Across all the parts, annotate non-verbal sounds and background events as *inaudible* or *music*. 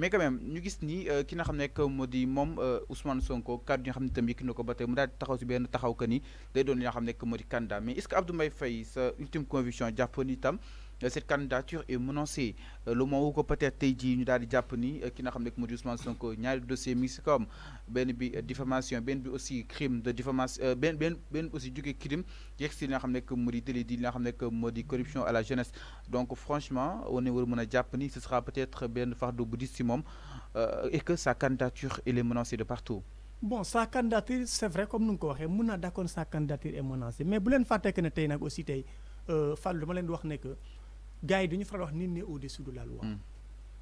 mais quand même ñu gis ni euh, ki na xam ne moo di moom euh, Ousmane Sonko kàddu yi nga xam ne itam yëkki na ko ba tey mu daal taxaw si benn taxaw que ni day doon li nga xam ne moo di candidat mais est-ce que Abdoul sa ultime conviction jàppoon itam Euh, cette candidature est menacée euh, le moment où peut-être tey jii ñu daal di jàpp ni euh, ki n'a xam ne moo di Ousmane Sonko ñaari dossier mi si kawam benn bi diffamation ben bi aussi crime de diffamation ben ben ben aussi du crime yex ci nga xam ne di di corruption à la jeunesse donc franchement on est mëna japp ni ce sera peut-être ben fardeau bouddhiste dis et que sa candidature est menacée de partout. bon sa candidature c'est vrai comme nous ko waxé mëna d'accord sa candidature est menacée mais bu len faté que ne tay nak aussi tey Fallou dama leen di wax ne que gars yi dañu faral wax ni ne au-dessus de la loi. Hmm.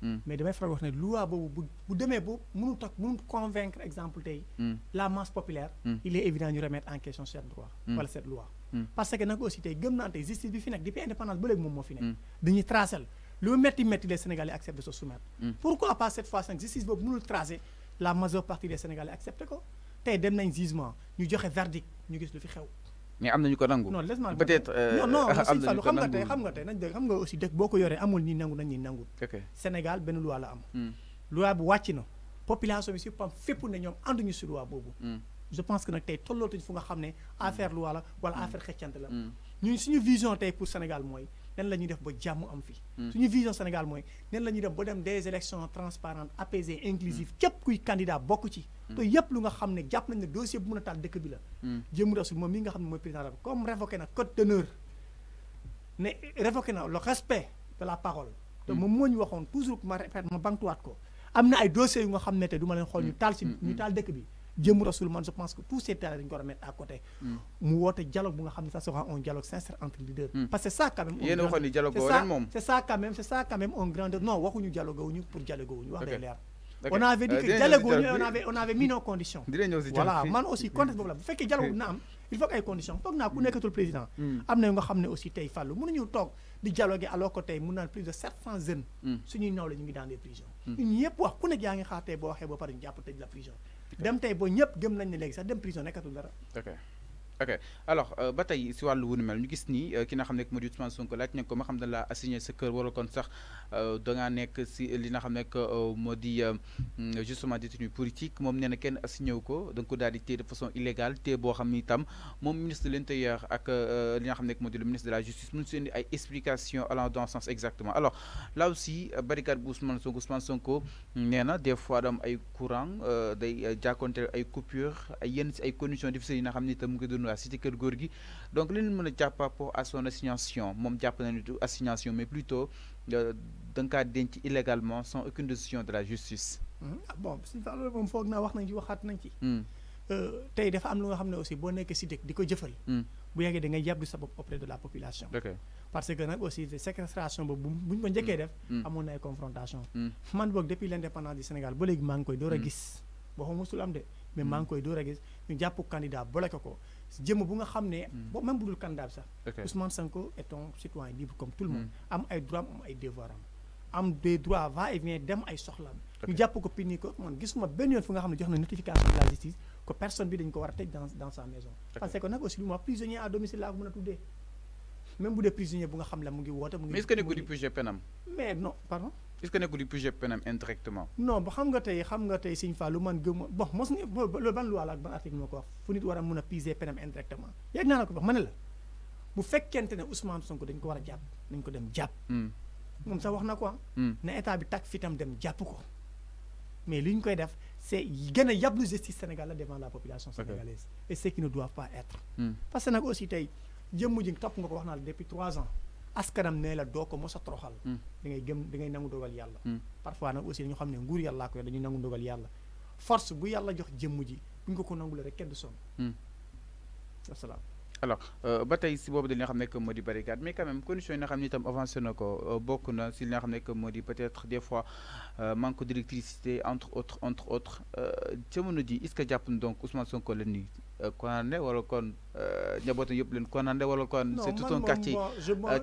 Hmm. mais demain faral wax né loi boobu bu bu mënu tak mënu convaincre exemple tay hmm. la masse populaire. il est évident ñu remettre en question cette droit. wala cette loi. parce que nak aussi tey gëm naa tey justice bi fi nekk depuis indépendance ba léegi mom mo fi nek dañuy tracel lu metti metti les Sénégalais acceptent de se soumettre. pourquoi pas cette fois nag justice boobu mënu tracer la majeure partie des Sénégalais accepté ko tey dem nañ jugement ñu joxe verdict ñu gis lu fi xew mais non laisse-moi peut être euh, *laughs* am nañu xam nga de xam nga la population bi PAM ne hmm. je pense que tay tollo tollootuñ fu nga xamné ne hmm. affaire loi la wala hmm. la. vision pour Sénégal nan lañuy def ba jàmm am fi hmm. suñu vision Sénégal mooy nan lañuy def ba dem des élections transparentes apaisées inclusives hmm. képp kuy candidat bokk ci hmm. te yépp lu nga xam ne jàpp nañ ne dossier bu mën a taal dëkk bi la jëm rasul moom mi nga xam ne mooy président la comme révoqué na code d'honneur ne révoqué na le respect de la parole te moom moo ñu waxoon toujours ma répète ma bamtuwaat ko am na ay dossiers yu nga xam ne te du ma leen xool ñu taal si ñu taal dëkk bi jëm rasul je pense que tous ces terrains dañu ko remettre à côté. Hmm. mu woote dialogue bu nga xam ça sera un dialogue sincère entre leaders. Hmm. parce que ça quand même. yéen a dialogue boobu ren moom ça quand même c' ça quand même un grand non waxuñu dialogue wuñu pour dialogue wuñu wax day leer. on avait dit euh, que dialogue wuñu on avait on avait mis nos conditions. voilà man aussi hmm. contexte bobu la bu fekkee dialogue na am il faut que ay conditions tok na ku nekatul président. amna nga xam ne aussi tey fàllu mënuñu tok di dialoguer alors que tey mun naan plus de sept cent jeunes hmm. suñuy naw la ñu ngi dans des prisons hmm. ñun ñëpp wax ku nekk yaa ngi xaar tey boo waxee boo pare ñu jàpp tëj la prison dem tey boo ñëpp gëm nañ ne léegi sax dem prison nekkatul dara ok alors euh, ba tey si wàllu wunu mel ñu gis ni euh, ki nga xam ne moo di Ousmane Sonko laaj na ko ma xam ne laa assigné sa kër wala kon sax euh, dangaa nekk si li nga xam ne moo di mm, justement détenu politique moom nee na kenn assigné wu ko da ko daal di téye de façon illégale téye boo xam ni itam moom ministre de l'intérieur ak li nga xam ne moo di le ministre de la justice mun si indi ay explications allant dans sens exactement alors là aussi barricade bu Ousmane Sonko Ousmane Sonko nee na des fois da am ay courant day jàkkoonte ay coupure ay yenn si ay conditions difficiles yi nga xam ni itam mu ngi la cité kër góor gi donc li ñu mën a jàpp à son assignation moom jàpp nañu du assignation mais plutôt euh, da nga kaa illégalement sans aucune décision de la justice. Hmm? Ah, bon si loolu moom foog naa wax nañ ci waxaat nañ ci. Hmm. Euh, tey dafa am lu nga xam aussi boo nekkee si dëkk di ko jëfal. Hmm. bu yàggee da ngay jàpp du sa auprès de la population. parce que nag aussi séquestration boobu bu ñu ko njëkkee def. amoon confrontation man boog depuis l'indépendance du Sénégal ba léegi maa ngi koy door a gis. boo xam musul am de mais maa koy door a gis ñu jàpp candidat bloqué ko. Je bu nga xam ne. Hmm. même bu dul candidat sax. Ousmane Sanko est un citoyen libre comme tout le monde. Hmm. am ay droits am ay devoirs. am. des droits va et vient dem ay soxlam ko nga ne notification de la justice que personne bi ko dans dans sa maison. parce que nag aussi prisonnier à domicile même prisonnier bu nga la ngi mais est-ce que je di mais non pardon est-ce que nekkul plus penam indirectement. non ba xam nga tey xam nga tay Sëñ Fall man gëm bon mos nga loolu ban loi la ak ban article moo wax fu nit war a mun piser penam indirectement yàgg na la ko wax ma la bu fekente ne Ousmane Sonko dañ ko wara a dañ ko dem hmm mom sa wax na ko ah. hmm. ne état bi tak fitam dem jàpp ko mais liñ koy def c'est gëna gën a yablu justice Sénégal devant la population sénégalaise et ce qui ne doit pas être. hmm. parce que nag aussi tay jëmm ji topp nga ko wax naa depuis 3 ans. askanam ne la doo ko mos a toroxal mm. da ngay gëm da ngay nangu dogal yàlla mm. parfois nag aussi dañu xam ne nguur yàllaa ko yor dañuy nangu dogal yàlla force bu yàlla jox jëmm ji bu ñu ko ko nangule rek kenn du sonn mm. wasalaam alors euh, ba tey si bobu dañu xam ne que modi barricade mais quand même condition yi nga xam tam itam avancé na ko euh, na si nga xamné que modi peut-être des fois euh, manque d'électricité entre autres entre autres jamono di est-ce que jàpp donc Ousmane Sonko le ni nii condamné wala kon njabootam yëpp leen condamné wala kon c'est tout un quartier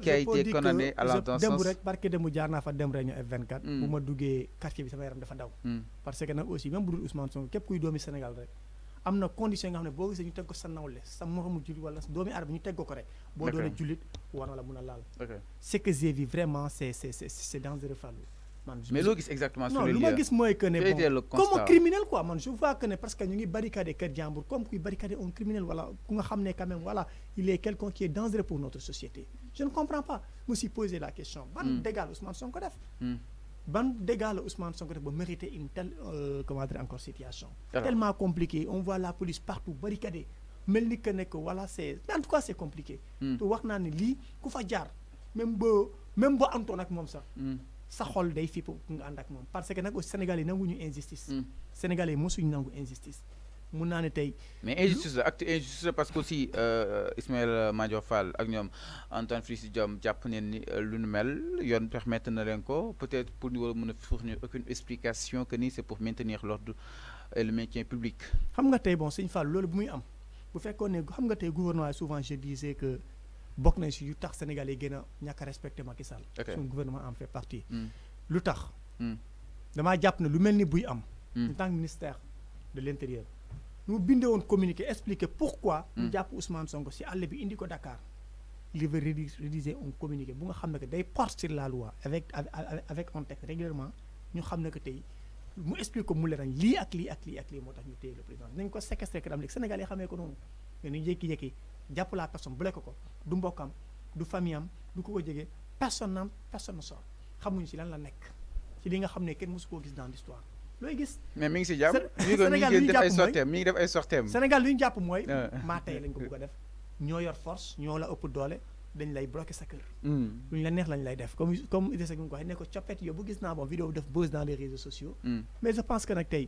qui a été condamné à la danse démb rek barke demu jaar naa fa dem réunion F24 hmm. bu ma duggee quartier bi sama yaram dafa daw hmm. parce que nak aussi même bu Ousmane Sonko kep kuy doomi Sénégal rek am na condition nga xam ne boo gisee ñu teg ko sa nawle sa moromu jullit wala doomi arab ñu teg ko ko rek boo doona julit war na la mun a laal c'est que j'ai vu vraiment c'est c'est c'est dangereux Fallou man mais loo gis exactement sur non lu ma gis mooy que ne bon comme criminel quoi man je vois que ne parce que ñu ngi barricadé kër jambour comme kuy barricadé un criminel wala ku nga xam ne quand même voilà il est quelqu'un qui est dangereux pour notre société je ne comprends pas je me suis posé la question ban hmm. dégâts Ousmane Sonko def hmm ban dégâts Ousmane Sonko def mériter une telle euh, comment dire encore situation tellement compliqué on voit la police partout barricadée mel ni que ne que voilà c'est en tout cas c'est compliqué hmm. Tu wax na ni lii ku fa jaar même bo, même bo antoon ak mom sax hmm. sa xol day fipp nga ànd ak parce que nak au Sénégal yi nanguñu injustice hmm. sénégalais yi mosuñu nangu injustice mun naa mais injustice la acte injustice la parce que aussi euh, Ismaël Madior Fall ak ñoom Antoine Félix Diome jàpp ils ni euh, lu nu mel yoon permettre ko peut-être pour nous, war a mën fournir aucune explication que ni c'est pour maintenir l'ordre et le maintien public. xam nga tey bon sëñ Fall loolu bu muy am bu fekkoon ne xam nga tey gouvernement souvent je disais que bokk nañ si yu tax Sénégal yi gën a ñàkk a respecté Macky Sall. suñu gouvernement en fait partie. Hmm. lu tax. Hmm. damaa jàpp ne lu mel ni buy am. Hmm. en tant que ministère de l'intérieur nous bindee communiquer communiqué expliquer pourquoi. Hmm. ñu jàpp Ousmane Sonko si àll bi indi ko Dakar. il veut rédiger un communiqué bu nga xam que day sur la loi avec avec un texte régulièrement ñu xam que tey mu explique ko mu leeral li ak li ak li ak li motax ñu téye le président nañ ko séquestrer que dam léegi Sénégal yi xamee ko non ñu jéki jéki la personne bloqué ko du mbokam du famille am du ko ko jégué personne am personne sort xamuñu ci lan la nek ci li nga xamné ne kenn gis dans l'histoire looy gis. mais mi ngi si jàmm Sénégal mi ngi def ay sortem mi ngi def ay sortem Sénégal lu ñu jàpp mooy. Ah. matin lañ ko bëgg a def ñoo yor force ñoo la ëpp doole dañ lay bloqué sa kër. Hmm. lu ñu la neex lañ lay def comme comme Idrissa Seck mi ko waxee ne ko coppet yow bu gis naa bon vidéo def buzz dans les réseaux sociaux. Hmm. mais je pense que nag tey.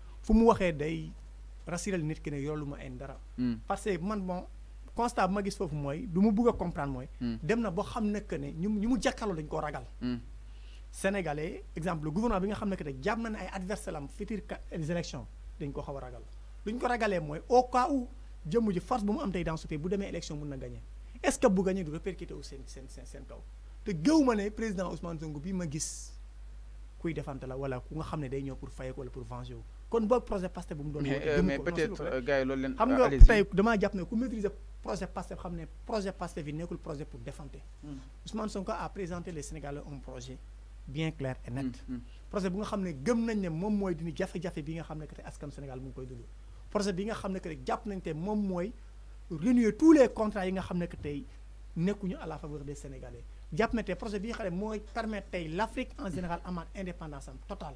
fu mu waxee day rassural nit ki ne yoolu ma en dara. Hmm. parce que man bon constat bu ma gis foofu mooy du mu bugg a comprendre mooy. Hmm. dem na boo xam ne que ne ñu ñu mu jàkkaarloo dañu koo ragal. Hmm. Sénégalais exemple le gouvernement bi nga xam ne que ne jàpp na ay adversaires am futur ca élections dañ ko xaw a ragal luñ ko ragalee mooy au cas où jëmm ji force bu mu am tey dans ce bu demee élection mun na gagné est-ce que bu gagné du répercuté wu seen seen seen seen kaw te gëw ma ne président Ousmane Sonko bi ma gis kuy defante la wala ku nga xam ne day ñëw pour fayeeku wala pour venger kon boog projet Pastef bu mu doon mais euh, mais peut-être euh, gars yi loolu leen xam nga tay dama japp ne ku maîtriser projet Pastef xam ne projet Pastef vi nekul projet pour défendre hmm. Ousmane Sonko a présenté les Sénégalais un projet bien clair et net hmm, hmm. projet bu nga xam ne gëm nañ ne mom moy dini jafé jafé bi nga xam ne que tey askan Sénégal mu koy dund projet bi nga xam ne que japp nañ te mom moy renouer tous les contrats yi nga xam ne que tay nekkuñu à la faveur des Sénégalais japp na tey projet bi nga xam ne mooy permettre tay l'Afrique en général amane indépendance totale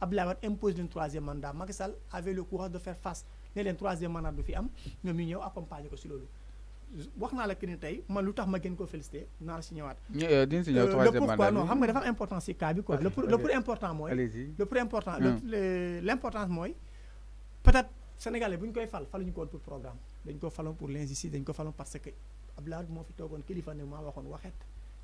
Abdoulaye Wade impose leen troisième mandat Macky Sall avait le courage de faire face ne leen troisième mandat du fi am ñoom ñu ñëw accompagner ko si loolu wax la kene tay tey man lu ma gën ko félicité na si ñëwaat. Euh, dinañ si ñëw euh, troisième mandat non xam nga dafa am importance si cas bi quoi. le pour le pour important moy le plus important l' importance mooy peut-être sénégalais buñ koy fal faluñu ko pour programme dañ ko falon pour l'injustice dañ ko falon parce que Abdoulaye mo fi togon kilifa ne maa waxoon waxet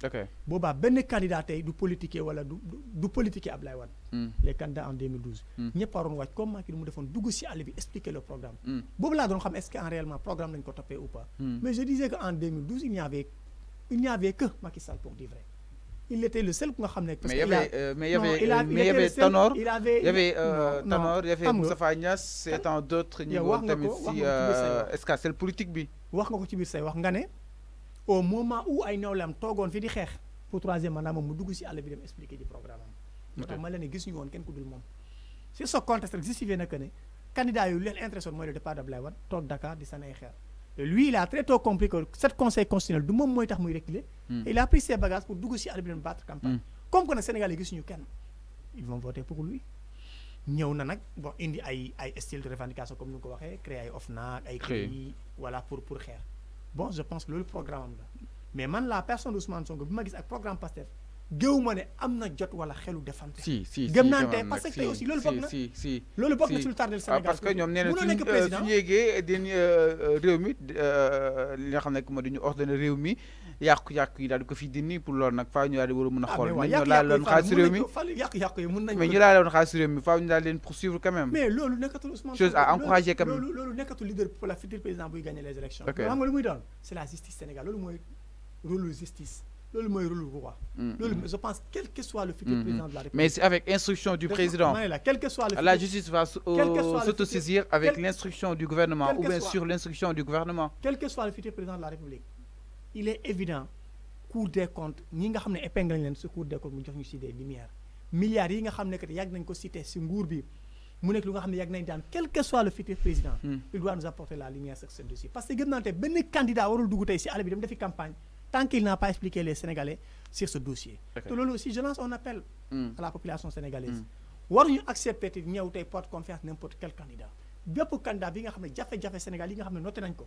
ok boobaa benn candidat tey du politique wala du du politique Ablaye Wade. Hmm. les candidats en 2012. Hmm. ñëpp a waroon wàcc comme Macky lu mu defoon dugg si àll bi expliquer le programme. Hmm. boobu laa doon xam est-ce que en réellement programme n'est ko toppee ou pas. mais je disais que en 2012 il n'y avait il n'y avait que Macky Sall pour dire vrai. il était le seul ku nga xam ne. parce il euh, mais y avait mais y avait Tanor il y avait Tanor y avait Moustapha Niass et en hein? d'autres. niveaux ngi tamit si euh, est-ce que politique bi. wax nga ko ci biir say wax nga ne au moment où ay nawleem toogoon fi di xex pour troisième mandat moom mu dugg si àll bi dem expliquer di programme am. moo ma leen ne gisuñu woon kenn ku dul mom sur ce contexte rek justifié na que ne candidat yu leen intéressé moy le départ de Abdoulaye tok Dakar di sànni ay lui il a très tôt compris que cette conseil constitutionnel du mom moy tax muy reculer. Hmm. il a pris ses bagages pour dugg ci àll bi dem battre campagne. Hmm. comme que nag Sénégal yi gisuñu kenn ils vont voter pour lui. ñew na nak bon indi ay ay style de revendication comme ni ko waxé créer ay OFNAC ay. créer voilà pour pour xeer bon je pense que le programme mais man la personne d'Ousmane Sonko bima gis ak programme pasteur. geuuma ne si jot wala xelu defante. si si si si parce que si aussi si si na si si si ah, parce que ñom si si si yégué si si li nga yàqu-yàqu yi daal di ko fi dindi pour loolu nag faaw ñu daal di war a mën a ah, xool mais ñu laal leen xaalis réew mi yàqu mais ñu laal leen xaalis réew mi faaw ñu daal leen poursuivre quand même mais loolu nekkatul Ousmane chose à encourager quand même loolu nekkatul leader pour la future président buy gagner les élections xam nga lu muy doon c'est la justice Sénégal loolu mooy rôle justice loolu mooy rôle roi. Mm, loolu mm. je pense quel que soit le futur mm, président de la République. mais c'est avec instruction du président. quel que soit le la justice va euh, s'autosaisir avec l'instruction du gouvernement ou bien sur l'instruction du gouvernement. quel que soit le futur président de la République il est évident cour des comptes ñi nga xamné ne épingle nañ ce cour des comptes mu jox ñu si des lumières milliards yi nga xamné ne que yag nañ ko cité si nguur bi mu nek lu nga xamné yag nañ daan quel que soit le futur président. Hmm. il doit nous apporter la lumière sur ce dossier. parce que gëm naa ne candidat warul dugg ici, si àll bi dem defi campagne tant qu'il n'a pas expliqué les Sénégalais sur ce dossier. te loolu aussi je lance un appel. Hmm. à la population sénégalaise. Hmm. ñu accepter ñew tay porte confiance n'importe quel candidat bépp candidat bi nga xamné jafé jafé Sénégal yi nga xamné noté nañ ko.